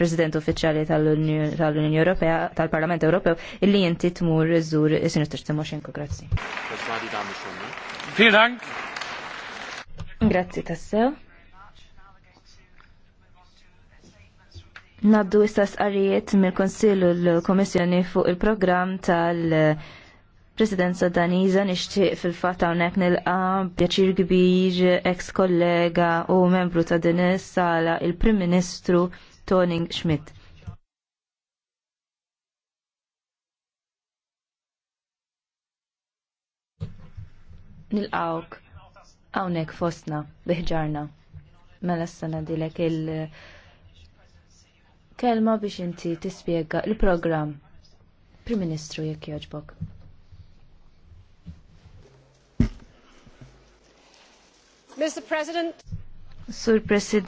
President Uffiċjali tal-Unjoni Ewropea tal-Parlament Ewropew illi inti tmur iżżur is-Sinistru Timoshenko. Grazzi. Vielen Grazzi tassew. Naddu issa sqarijiet mill-Konsillu l-Komissjoni fuq il-programm tal- Presidenza Daniza nixtieq fil-fatt hawnhekk nilqa' pjaċir kbir ex kollega u membru ta' din is-sala il-Prim Ministru Toning Schmidt. Nilqawk hawnhekk fostna biħġarna. Mela s sana dilek il-kelma biex inti tispjega il-programm. Prim Ministru jekk jogħġbok. Mr. President. Sur President.